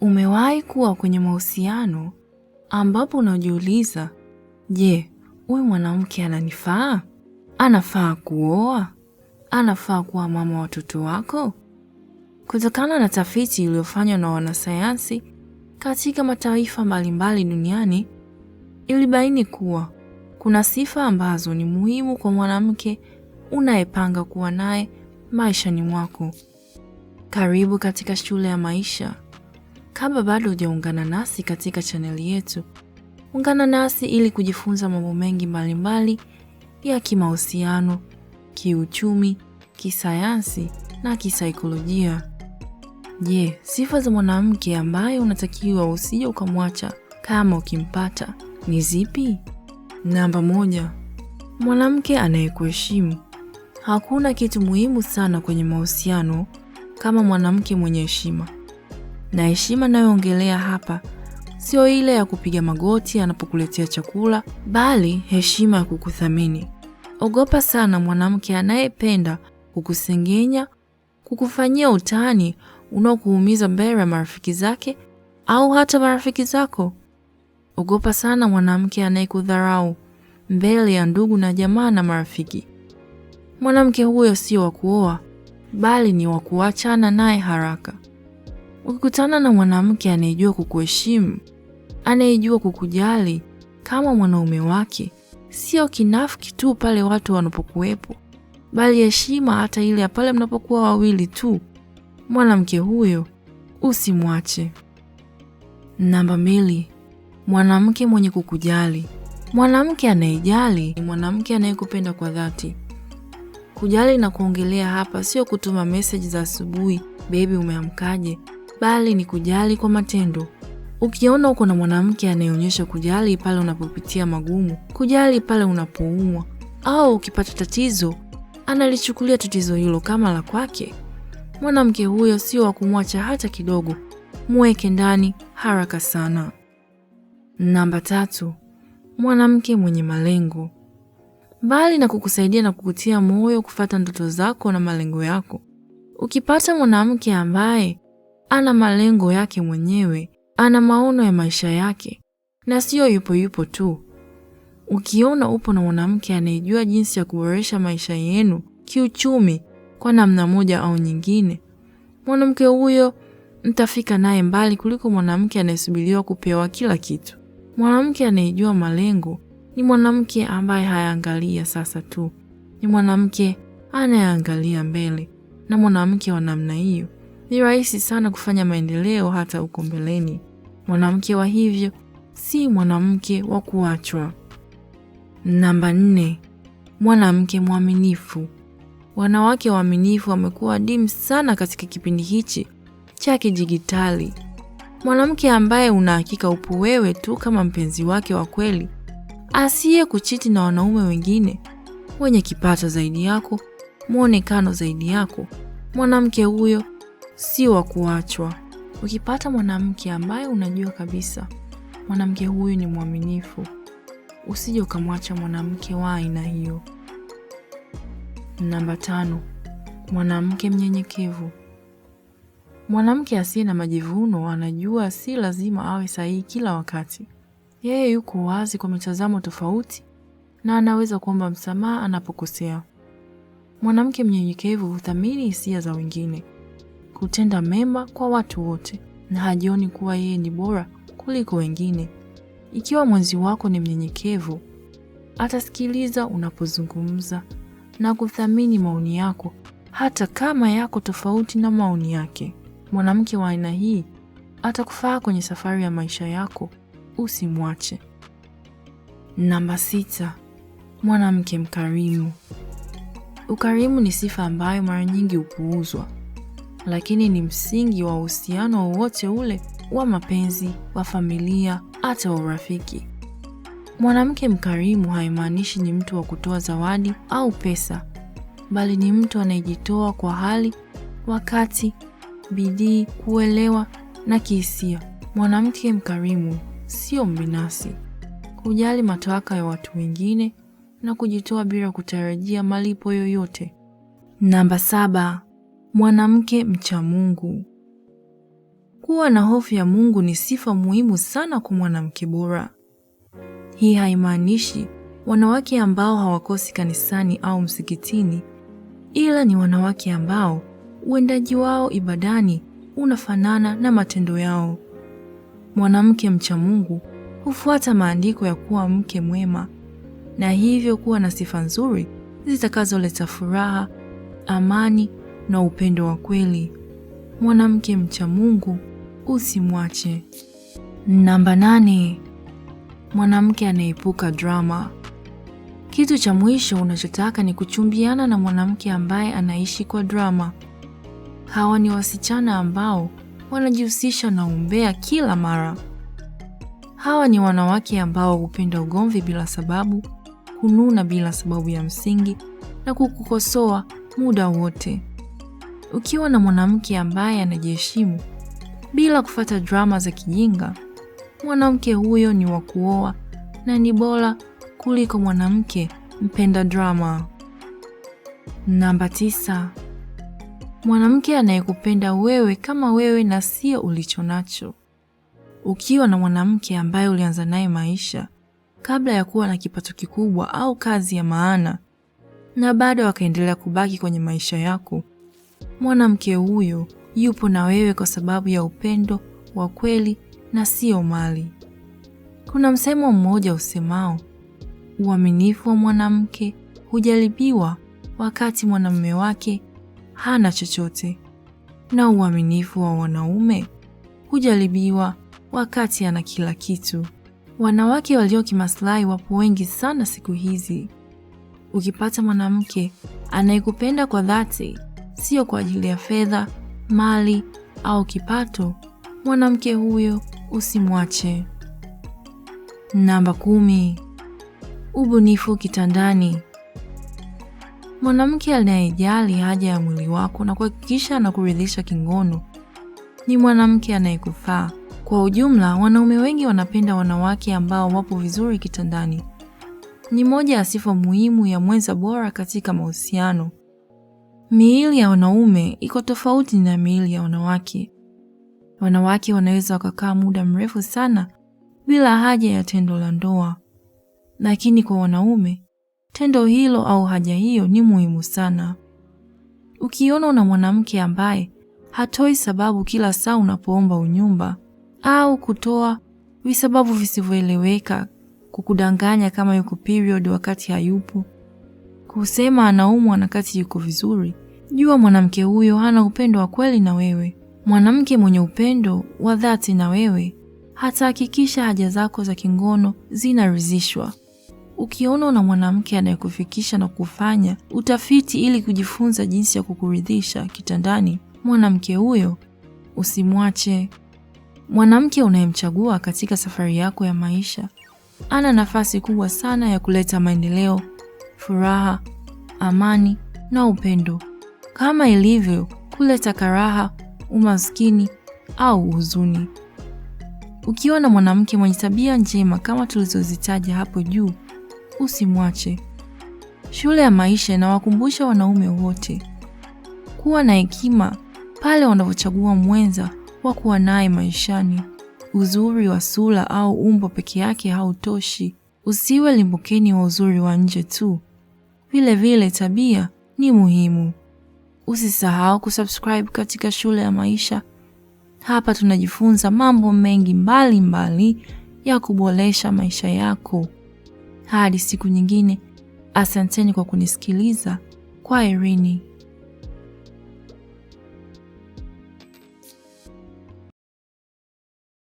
Umewahi kuwa kwenye mahusiano ambapo unajiuliza, je, huyu mwanamke ananifaa? Anafaa kuoa? Anafaa kuwa mama watoto wako? Kutokana na tafiti iliyofanywa na wanasayansi katika mataifa mbalimbali duniani, ilibaini kuwa kuna sifa ambazo ni muhimu kwa mwanamke unayepanga kuwa naye maishani mwako. Karibu katika Shule ya Maisha. Kama bado hujaungana nasi katika chaneli yetu, ungana nasi ili kujifunza mambo mengi mbalimbali ya kimahusiano, kiuchumi, kisayansi na kisaikolojia. Je, sifa za mwanamke ambaye unatakiwa usije ukamwacha kama ukimpata ni zipi? Namba moja, mwanamke anayekuheshimu. Hakuna kitu muhimu sana kwenye mahusiano kama mwanamke mwenye heshima na heshima nayoongelea hapa sio ile ya kupiga magoti anapokuletea chakula, bali heshima ya kukuthamini. Ogopa sana mwanamke anayependa kukusengenya, kukufanyia utani unaokuumiza mbele ya marafiki zake au hata marafiki zako. Ogopa sana mwanamke anayekudharau mbele ya ndugu na jamaa na marafiki. Mwanamke huyo sio wa kuoa, bali ni wa kuachana naye haraka. Ukikutana na mwanamke anayejua kukuheshimu, anayejua kukujali kama mwanaume wake, sio kinafiki tu pale watu wanapokuwepo, bali heshima hata ile ya pale mnapokuwa wawili tu, mwanamke huyo usimwache. Namba mbili, mwanamke mwenye kukujali. Mwanamke anayejali ni mwanamke anayekupenda kwa dhati. Kujali na kuongelea hapa sio kutuma meseji za asubuhi, bebi, umeamkaje? bali ni kujali kwa matendo. Ukiona uko na mwanamke anayeonyesha kujali pale unapopitia magumu, kujali pale unapoumwa, au ukipata tatizo analichukulia tatizo hilo kama la kwake, mwanamke huyo sio wa kumwacha hata kidogo. mweke ndani haraka sana. Namba tatu, mwanamke mwenye malengo. Mbali na kukusaidia na kukutia moyo kufata ndoto zako na malengo yako, ukipata mwanamke ambaye ana malengo yake mwenyewe, ana maono ya maisha yake na siyo yupo yupo tu. Ukiona upo na mwanamke anayejua jinsi ya kuboresha maisha yenu kiuchumi kwa namna moja au nyingine, mwanamke huyo mtafika naye mbali kuliko mwanamke anayesubiriwa kupewa kila kitu. Mwanamke anayejua malengo ni mwanamke ambaye hayaangalia sasa tu, ni mwanamke anayeangalia mbele, na mwanamke wa namna hiyo ni rahisi sana kufanya maendeleo hata huko mbeleni. Mwanamke wa hivyo si mwanamke wa kuachwa. Namba nne, mwanamke mwaminifu. Wanawake waaminifu wamekuwa adimu sana katika kipindi hichi cha kidijitali. Mwanamke ambaye unahakika upo wewe tu kama mpenzi wake wa kweli, asiye kuchiti na wanaume wengine wenye kipato zaidi yako, mwonekano zaidi yako, mwanamke huyo sio wa kuachwa. Ukipata mwanamke ambaye unajua kabisa mwanamke huyu ni mwaminifu, usije ukamwacha mwanamke wa aina hiyo. Namba tano, mwanamke mnyenyekevu. Mwanamke asiye na majivuno anajua si lazima awe sahihi kila wakati. Yeye yuko wazi kwa mitazamo tofauti na anaweza kuomba msamaha anapokosea. Mwanamke mnyenyekevu huthamini hisia za wengine kutenda mema kwa watu wote na hajioni kuwa yeye ni bora kuliko wengine. Ikiwa mwenzi wako ni mnyenyekevu, atasikiliza unapozungumza na kuthamini maoni yako hata kama yako tofauti na maoni yake. Mwanamke wa aina hii atakufaa kwenye safari ya maisha yako, usimwache. Namba sita, mwanamke mkarimu. Ukarimu ni sifa ambayo mara nyingi hupuuzwa lakini ni msingi wa uhusiano wowote ule wa mapenzi, wa familia, hata wa urafiki. Mwanamke mkarimu haimaanishi ni mtu wa kutoa zawadi au pesa, bali ni mtu anayejitoa kwa hali, wakati, bidii, kuelewa na kihisia. Mwanamke mkarimu sio mbinafsi, kujali matwaka ya watu wengine na kujitoa bila kutarajia malipo yoyote. Namba saba mwanamke mcha Mungu. Kuwa na hofu ya Mungu ni sifa muhimu sana kwa mwanamke bora. Hii haimaanishi wanawake ambao hawakosi kanisani au msikitini, ila ni wanawake ambao uendaji wao ibadani unafanana na matendo yao. Mwanamke mcha Mungu hufuata maandiko ya kuwa mke mwema na hivyo kuwa na sifa nzuri zitakazoleta furaha, amani na upendo wa kweli. Mwanamke mcha Mungu usimwache. Namba nane, mwanamke anaepuka drama. Kitu cha mwisho unachotaka ni kuchumbiana na mwanamke ambaye anaishi kwa drama. Hawa ni wasichana ambao wanajihusisha na umbea kila mara. Hawa ni wanawake ambao hupenda ugomvi bila sababu, hununa bila sababu ya msingi na kukukosoa muda wote. Ukiwa na mwanamke ambaye anajiheshimu bila kufata drama za kijinga, mwanamke huyo ni wa kuoa na ni bora kuliko mwanamke mpenda drama. Namba tisa, mwanamke anayekupenda wewe kama wewe na sio ulicho nacho. Ukiwa na mwanamke ambaye ulianza naye maisha kabla ya kuwa na kipato kikubwa au kazi ya maana na bado wakaendelea kubaki kwenye maisha yako mwanamke huyo yupo na wewe kwa sababu ya upendo wa kweli na sio mali. Kuna msemo mmoja usemao, uaminifu wa mwanamke hujaribiwa wakati mwanamume wake hana chochote, na uaminifu wa wanaume hujaribiwa wakati ana kila kitu. Wanawake walio kimaslahi wapo wengi sana siku hizi. Ukipata mwanamke anayekupenda kwa dhati sio kwa ajili ya fedha, mali au kipato, mwanamke huyo usimwache. Namba kumi: ubunifu kitandani. Mwanamke anayejali haja ya mwili wako na kuhakikisha anakuridhisha kingono ni mwanamke anayekufaa. Kwa ujumla, wanaume wengi wanapenda wanawake ambao wapo vizuri kitandani. Ni moja ya sifa muhimu ya mwenza bora katika mahusiano. Miili ya wanaume iko tofauti na miili ya wanawake. Wanawake wanaweza wakakaa muda mrefu sana bila haja ya tendo la ndoa, lakini kwa wanaume tendo hilo au haja hiyo ni muhimu sana. Ukiona una mwanamke ambaye hatoi sababu kila saa unapoomba unyumba au kutoa visababu visivyoeleweka kukudanganya kama yuko period wakati hayupo Kusema anaumwa na kati yuko vizuri, jua mwanamke huyo hana upendo wa kweli na wewe. Mwanamke mwenye upendo wa dhati na wewe hatahakikisha haja zako za kingono zinaridhishwa. Ukiona una mwanamke anayekufikisha na kufanya utafiti ili kujifunza jinsi ya kukuridhisha kitandani, mwanamke huyo usimwache. Mwanamke unayemchagua katika safari yako ya maisha ana nafasi kubwa sana ya kuleta maendeleo furaha, amani na upendo, kama ilivyo kuleta karaha, umaskini au huzuni. Ukiwa na mwanamke mwenye tabia njema kama tulizozitaja hapo juu, usimwache. Shule ya maisha inawakumbusha wanaume wote kuwa na hekima pale wanavyochagua mwenza wa kuwa naye maishani. Uzuri wa sura au umbo peke yake hautoshi. Usiwe limbukeni wa uzuri wa nje tu, vile vile tabia ni muhimu. Usisahau kusubscribe katika Shule ya Maisha. Hapa tunajifunza mambo mengi mbalimbali mbali ya kuboresha maisha yako. Hadi siku nyingine, asanteni kwa kunisikiliza. kwa Kwaherini.